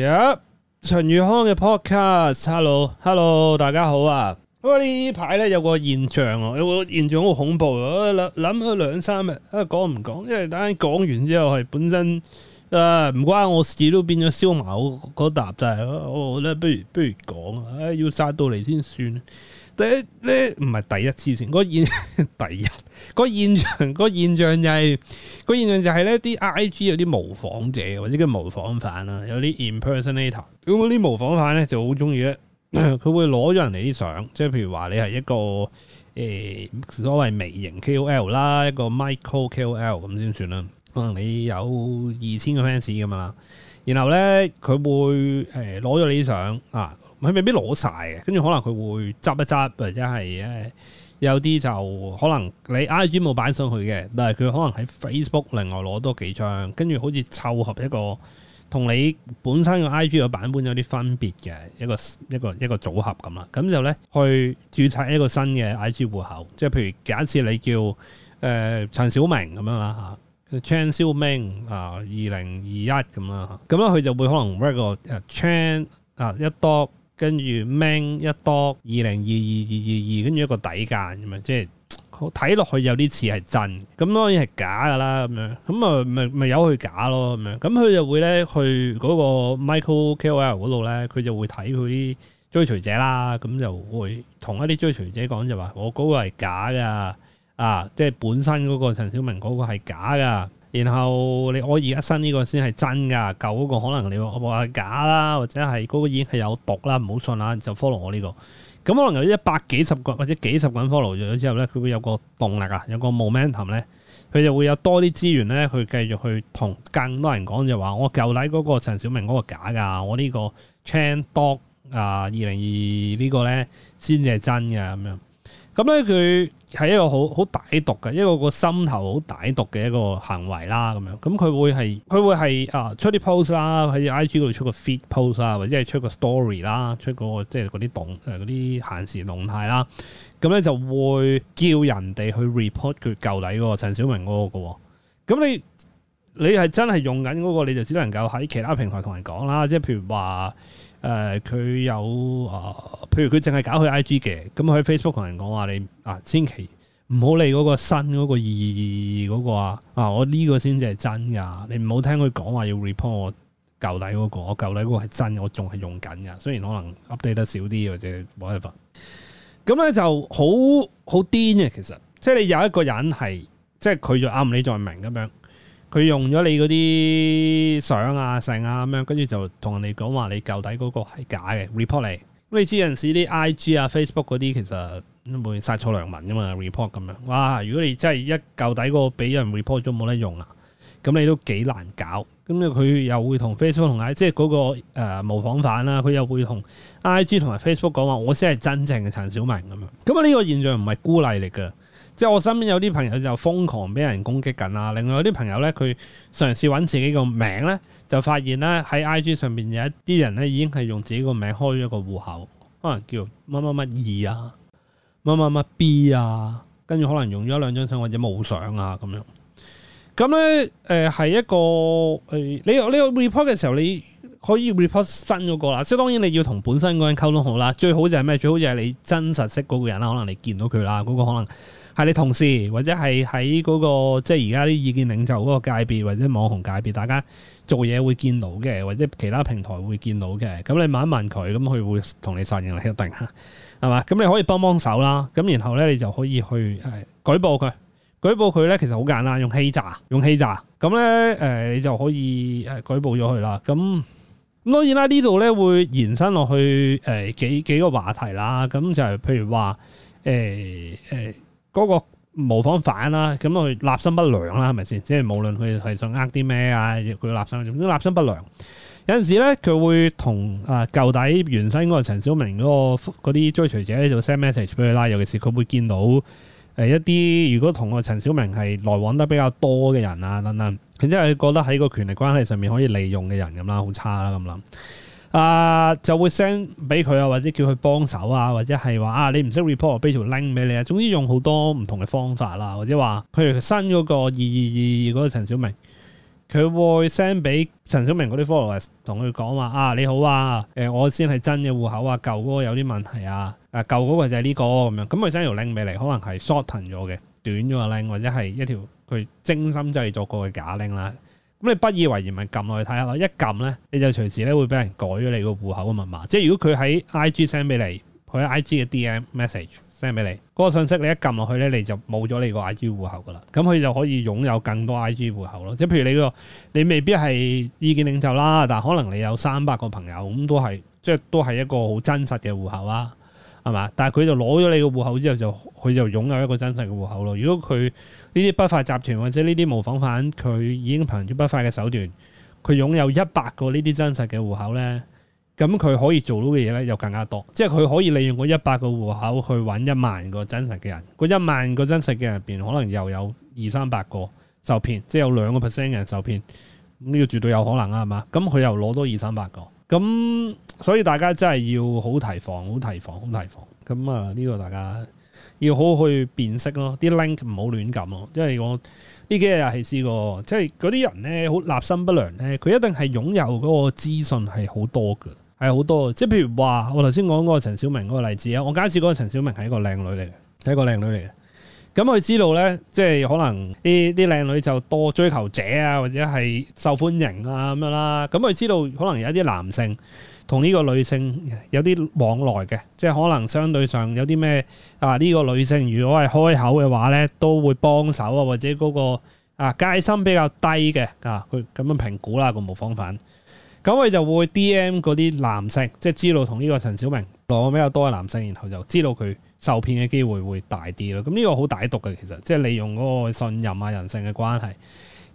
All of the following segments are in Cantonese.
呀，yep, 陳宇康嘅 podcast，hello hello，大家好啊。不過呢排咧，有個現象，有個現象好恐怖，我啊。諗諗咗兩三日，啊講唔講？因為等陣講完之後係本身誒唔、啊、關我事都變咗燒埋嗰嗰笪但係我咧不如不如講啊，要殺到嚟先算。第一咧唔係第一次先，個現 第一、個現象、個現象就係、係個現象就係咧啲 I G 有啲模仿者或者叫模仿犯啦，有啲 impersonator。咁嗰啲模仿犯咧就好中意咧，佢 會攞咗人哋啲相，即係譬如話你係一個誒、呃、所謂微型 K O L 啦，一個 micro K O L 咁先算啦。可能你有二千個 fans 咁啊。然後咧，佢會誒攞咗你啲相啊，佢未必攞晒嘅，跟住可能佢會執一執，或者係咧、呃、有啲就可能你 I G 冇擺上去嘅，但係佢可能喺 Facebook 另外攞多幾張，跟住好似湊合一個同你本身嘅 I G 嘅版本有啲分別嘅一個一個一個組合咁啊。咁就咧去註冊一個新嘅 I G 戶口，即係譬如假設你叫誒、呃、陳小明咁樣啦嚇。啊 channel name 啊，二零二一咁啦，咁咧佢就會可能搵個誒 chain 啊一多，跟住 m 名一 d o 多，二零二二二二二，跟住一個底價咁啊，即係睇落去有啲似係真，咁當然係假㗎啦咁樣，咁啊咪咪由佢假咯咁樣，咁佢就，就會咧去嗰個 Michael KOL 嗰度咧，佢就會睇佢啲追隨者啦，咁就會同一啲追隨者講就話，我嗰個係假㗎。啊！即係本身嗰個陳小明嗰個係假噶，然後你我而家新呢個先係真噶，舊嗰個可能你我話假啦，或者係嗰個已經係有毒啦，唔好信啦，就 follow 我呢個。咁、嗯、可能有一百幾十個或者幾十個人 follow 咗之後咧，佢會有個動力啊，有個 momentum 咧，佢就會有多啲資源咧去繼續去同更多人講就話我舊底嗰個陳小明嗰個假噶，我呢個 chan dog 啊二零二二呢個咧先至係真嘅咁樣。咁咧佢係一個好好歹毒嘅一個一個心頭好歹毒嘅一個行為啦，咁樣咁佢會係佢會係啊出啲 post 啦喺 IG 嗰度出個 feed post 啦，或者係出個 story 啦，出嗰個即係嗰啲動誒嗰啲限時動態啦，咁咧就會叫人哋去 report 佢舊底喎、嗰個，陳小明嗰個喎，咁你你係真係用緊嗰、嗰個，你就只能夠喺其他平台同人講啦，即係譬如話。誒佢、呃、有啊、呃，譬如佢淨係搞佢 IG 嘅，咁佢 Facebook 同人講話你啊，千祈唔好理嗰個新嗰、嗰個二嗰、嗰個啊！啊，我呢個先至係真噶，你唔好聽佢講話要 report 我舊底嗰、嗰個，我舊底嗰個係真，我仲係用緊噶。雖然可能 update 得少啲或者冇辦法，咁咧就好好癲嘅。其實即係你有一個人係即係佢就啱你再明咁樣。佢用咗你嗰啲相啊、成啊咁樣，跟住就同人哋講話你舊底嗰個係假嘅 report 你。咁你知有陣時啲 IG 啊、Facebook 嗰啲其實會殺錯良民㗎嘛 report 咁樣。哇！如果你真係一舊底嗰個俾人 report 咗冇得用啦、啊，咁你都幾難搞。咁咧佢又會同 Facebook 同 I 即係嗰、嗰個誒模仿犯啦，佢、呃、又會同 IG 同埋 Facebook 講話我先係真正嘅陳小明咁樣。咁啊呢個現象唔係孤例嚟㗎。即係我身邊有啲朋友就瘋狂俾人攻擊緊啊！另外有啲朋友咧，佢嘗試揾自己個名咧，就發現咧喺 I G 上面有一啲人咧已經係用自己個名開咗個戶口，可能叫乜乜乜二啊，乜乜乜 B 啊，跟住可能用咗兩張相或者冇相啊咁樣。咁咧，誒、呃、係一個誒、呃，你有你有 report 嘅時候，你可以 report 新嗰個啦。即係當然你要同本身嗰人溝通好啦，最好就係咩？最好就係你真實識嗰個人啦，可能你見到佢啦，嗰、那個可能。係你同事，或者係喺嗰個即係而家啲意見領袖嗰個界別，或者網紅界別，大家做嘢會見到嘅，或者其他平台會見到嘅。咁你問一問佢，咁佢會同你反應你一定吓，係嘛？咁你可以幫幫手啦。咁然後咧，你就可以去係舉報佢，舉報佢咧，其實好簡單，用欺詐，用欺詐。咁咧，誒，你就可以誒舉報咗佢啦。咁咁當然啦，呢度咧會延伸落去誒、呃、幾幾個話題啦。咁就係譬如話，誒、呃、誒。呃嗰個模仿犯啦、啊，咁佢立心不良啦、啊，係咪先？即係無論佢係想呃啲咩啊，佢立心、啊，總之立心不良。有陣時咧，佢會同啊舊底原身嗰個陳小明嗰、那個嗰啲追隨者咧，就 send message 俾佢啦。尤其是佢會見到誒、呃、一啲如果同個陳小明係來往得比較多嘅人啊等等，然之後佢覺得喺個權力關係上面可以利用嘅人咁啦，好差啦咁諗。啊，就會 send 俾佢啊，或者叫佢幫手啊，或者係話啊，你唔識 report，俾條 link 俾你啊。總之用好多唔同嘅方法啦，或者話，譬如新嗰個二二二二嗰個陳小明，佢會 send 俾陳小明嗰啲 followers，同佢講話啊，你好啊，誒、呃，我先係真嘅戶口啊，舊嗰個有啲問題啊，啊，舊嗰個就係呢個咁樣，咁佢 send 條 link 俾你，可能係 shorten 咗嘅，短咗個 link，或者係一條佢精心製作過嘅假 link 啦。咁你不以為然咪撳落去睇下咯，一撳咧你就隨時咧會俾人改咗你個戶口嘅密碼。即係如果佢喺 I G send 俾你，佢喺 I G 嘅 D M message send 俾你，嗰個信息你一撳落去咧，你就冇咗你個 I G 戶口噶啦。咁佢就可以擁有更多 I G 戶口咯。即係譬如你個你未必係意見領袖啦，但係可能你有三百個朋友，咁都係即係都係一個好真實嘅戶口啊。係嘛？但係佢就攞咗你個戶口之後，就佢就擁有一個真實嘅戶口咯。如果佢呢啲不法集團或者呢啲模仿犯，佢已經憑住不法嘅手段，佢擁有一百個呢啲真實嘅戶口咧，咁佢可以做到嘅嘢咧又更加多。即係佢可以利用嗰一百個戶口去搵一萬個真實嘅人，嗰一萬個真實嘅人入邊，可能又有二三百個受騙，即係有兩個 percent 嘅人受騙，呢個絕對有可能啊，係嘛？咁佢又攞多二三百個。咁、嗯、所以大家真係要好提防，好提防，好提防。咁啊，呢、這個大家要好好去辨識咯，啲 link 唔好亂撳咯。因為我呢幾日又係試過，即係嗰啲人呢，好立心不良呢，佢一定係擁有嗰個資訊係好多嘅，係好多。即係譬如話，我頭先講嗰個陳小明嗰個例子啊，我假設嗰個陳小明係一個靚女嚟嘅，係一個靚女嚟嘅。咁佢知道呢，即係可能啲啲靚女就多追求者啊，或者係受歡迎啊咁樣啦。咁佢知道可能有一啲男性同呢個女性有啲往來嘅，即係可能相對上有啲咩啊？呢個女性如果係開口嘅話呢，都會幫手啊，或者嗰個啊戒心比較低嘅啊，佢咁樣評估啦個模仿犯。咁佢就會 D.M 嗰啲男性，即係知道同呢個陳小明來往比較多嘅男性，然後就知道佢受騙嘅機會會大啲咯。咁呢個好歹毒嘅，其實即係利用嗰個信任啊、人性嘅關係。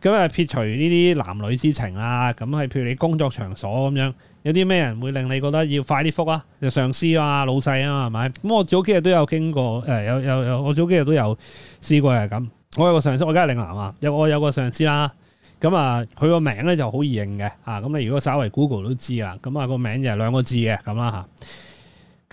咁啊，撇除呢啲男女之情啦、啊，咁係譬如你工作場所咁樣，有啲咩人會令你覺得要快啲覆啊？就上司啊、老細啊，係咪？咁我早幾日都有經過，誒、呃、有有有，我早幾日都有試過係咁。我有個上司，我梗係嶺南啊，有我有個上司啦。咁啊，佢個、嗯、名咧，就好易認嘅，啊、嗯，咁你如果稍為 Google 都知啦，咁啊個名就係兩個字嘅，咁啦吓。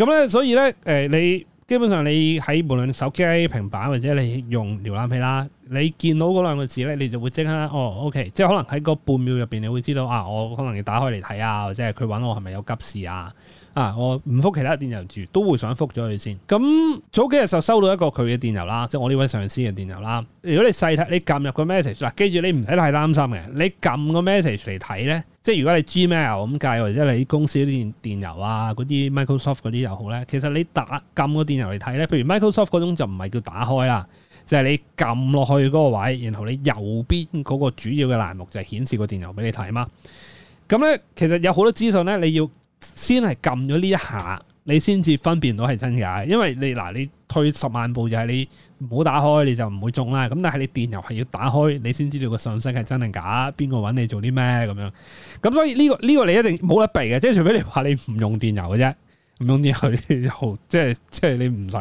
咁、嗯、咧，所以咧，誒、呃，你基本上你喺無論手機、平板或者你用瀏覽器啦。你見到嗰兩個字咧，你就會即刻哦，OK，即係可能喺個半秒入邊，你會知道啊，我可能要打開嚟睇啊，或者係佢搵我係咪有急事啊？啊，我唔覆其他電郵住，都會想覆咗佢先。咁早幾日就收到一個佢嘅電郵啦，即係我呢位上司嘅電郵啦。如果你細睇，你撳入個 message 嗱，啊，記住你唔使太擔心嘅，你撳個 message 嚟睇咧，即係如果你 Gmail 咁計，或者你公司啲電電郵啊，嗰啲 Microsoft 嗰啲又好咧，其實你打撳個電郵嚟睇咧，譬如 Microsoft 嗰種就唔係叫打開啦。即係你撳落去嗰個位，然後你右邊嗰個主要嘅欄目就係顯示個電郵俾你睇嘛。咁咧，其實有好多資訊咧，你要先係撳咗呢一下，你先至分辨到係真假。因為你嗱，你退十萬步就係你唔好打開，你就唔會中啦。咁但係你電郵係要打開，你先知道個信息係真定假，邊個揾你做啲咩咁樣。咁所以呢個，呢個你一定冇得避嘅，即係除非你話你唔用電郵嘅啫。咁樣啲佢又即係即係你唔使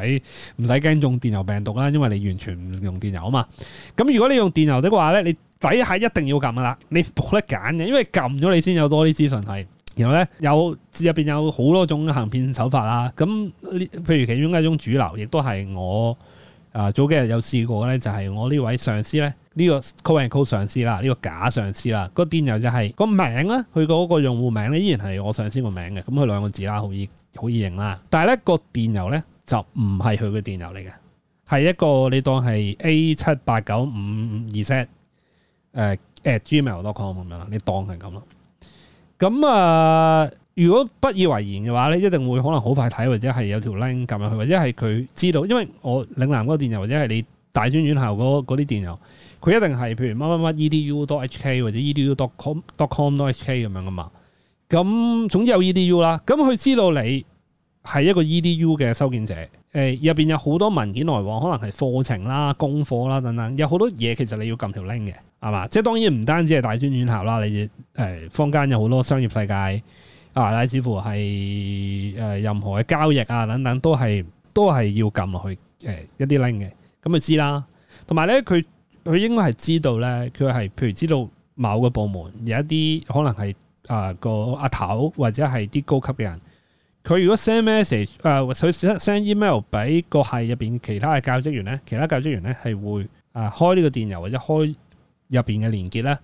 唔使驚中電郵病毒啦，因為你完全唔用電郵啊嘛。咁如果你用電郵的話咧，你底係一定要撳噶啦，你冇得揀嘅，因為撳咗你先有多啲資訊係。然後咧，有入邊有好多種行騙手法啦。咁譬如其中一種主流，亦都係我啊早幾日有試過咧，就係我呢位上司咧，呢個 call and call 上司啦，呢個假上司啦，個電郵就係個名咧，佢嗰個用戶名咧依然係我上司個名嘅，咁佢兩個字啦，好易。好易認啦，但係咧個電郵咧就唔係佢嘅電郵嚟嘅，係一個你當係 a 七八九五五二 set，誒誒 gmail.com 咁樣啦，com，你當係咁咯。咁、嗯、啊，如果不以為然嘅話咧，你一定會可能好快睇或者係有條 link 撳入去，或者係佢知道，因為我嶺南嗰個電郵或者係你大專院校嗰啲電郵，佢一定係譬如乜乜乜 edu.hk 或者 edu.com.com.hk 咁樣噶嘛。咁，總之有 E D U 啦，咁佢知道你係一個 E D U 嘅收件者，誒、哎，入邊有好多文件來往，可能係課程啦、功課啦等等，有好多嘢其實你要撳條 link 嘅，係嘛？即係當然唔單止係大專院校啦，你誒、哎，坊間有好多商業世界啊，乃至乎係誒、呃、任何嘅交易啊等等，都係都係要撳落去誒、哎、一啲 link 嘅，咁就知啦。同埋咧，佢佢應該係知道咧，佢係譬如知道某個部門有一啲可能係。啊、呃，個阿頭或者係啲高級嘅人，佢如果 send message，誒佢 send email 俾個系入邊其他嘅教職員咧，其他教職員咧係會啊開呢個電郵或者開入邊嘅連結咧，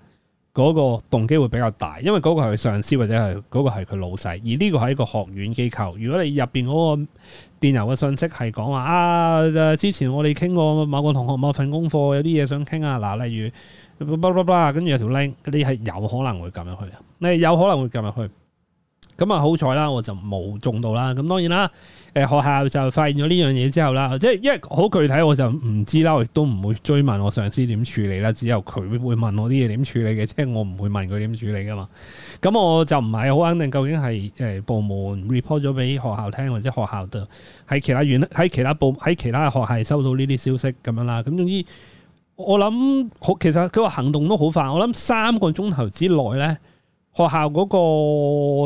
嗰、嗰個動機會比較大，因為嗰個係佢上司或者係嗰、嗰個係佢老細，而呢個係一個學院機構，如果你入邊嗰個。電郵嘅信息係講話啊，之前我哋傾過某個同學某份功課，有啲嘢想傾啊，嗱，例如巴拉巴拉，跟住有條 link，你係有可能會撳入去啊，你有可能會撳入去，咁啊好彩啦，我就冇中到啦，咁當然啦。誒學校就發現咗呢樣嘢之後啦，即係因為好具體，我就唔知啦，亦都唔會追問我上司點處理啦，只有佢會問我啲嘢點處理嘅，即係我唔會問佢點處理噶嘛。咁我就唔係好肯定究竟係誒部門 report 咗俾學校聽，或者學校度喺其他院喺其他部喺其他學校收到呢啲消息咁樣啦。咁總之我諗好，其實佢個行動都好快，我諗三個鐘頭之內咧。學校嗰個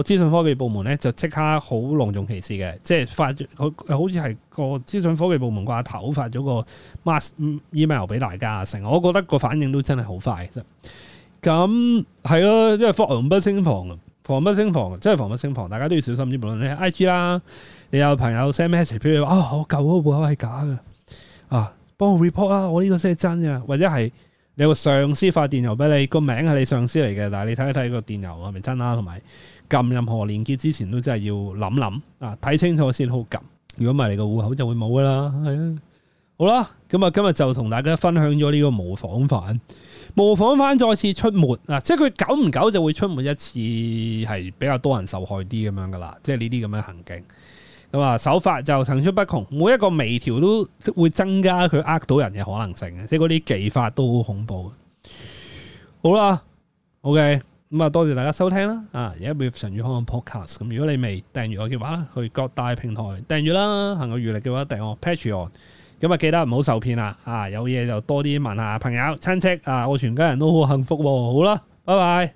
資訊科技部門咧，就即刻好隆重其事嘅，即係發佢好似係個資訊科技部門掛頭發咗個 mass email 俾大家成，我覺得個反應都真係好快，真。咁係咯，因為防不勝防防不勝防，即係防不勝防，大家都要小心啲。無論你 I G 啦，你有朋友 send message 譬如啊，我舊嗰個戶口係假嘅，啊，幫我 report 啦，我呢個先係真嘅，或者係。你個上司發電郵俾你，個名係你上司嚟嘅，但係你睇一睇個電郵係咪真啦？同埋撳任何連結之前都真係要諗諗啊，睇清楚先好撳。如果唔係，你個戶口就會冇㗎啦。係啊，好啦，咁啊，今日就同大家分享咗呢個模仿犯。模仿犯再次出沒啊！即係佢久唔久就會出沒一次，係比較多人受害啲咁樣噶啦。即係呢啲咁樣行徑。咁啊手法就層出不窮，每一個微調都會增加佢呃到人嘅可能性嘅，即係嗰啲技法都好恐怖。好啦，OK，咁啊多謝大家收聽啦。啊，而家 with 常宇康 podcast，咁如果你未訂閱我嘅話去各大平台訂閱啦。行個餘力嘅話訂閱我，訂我 patreon。咁啊記得唔好受騙啦。啊，有嘢就多啲問下朋友親戚啊，我全家人都好幸福喎，啊。好啦，拜拜。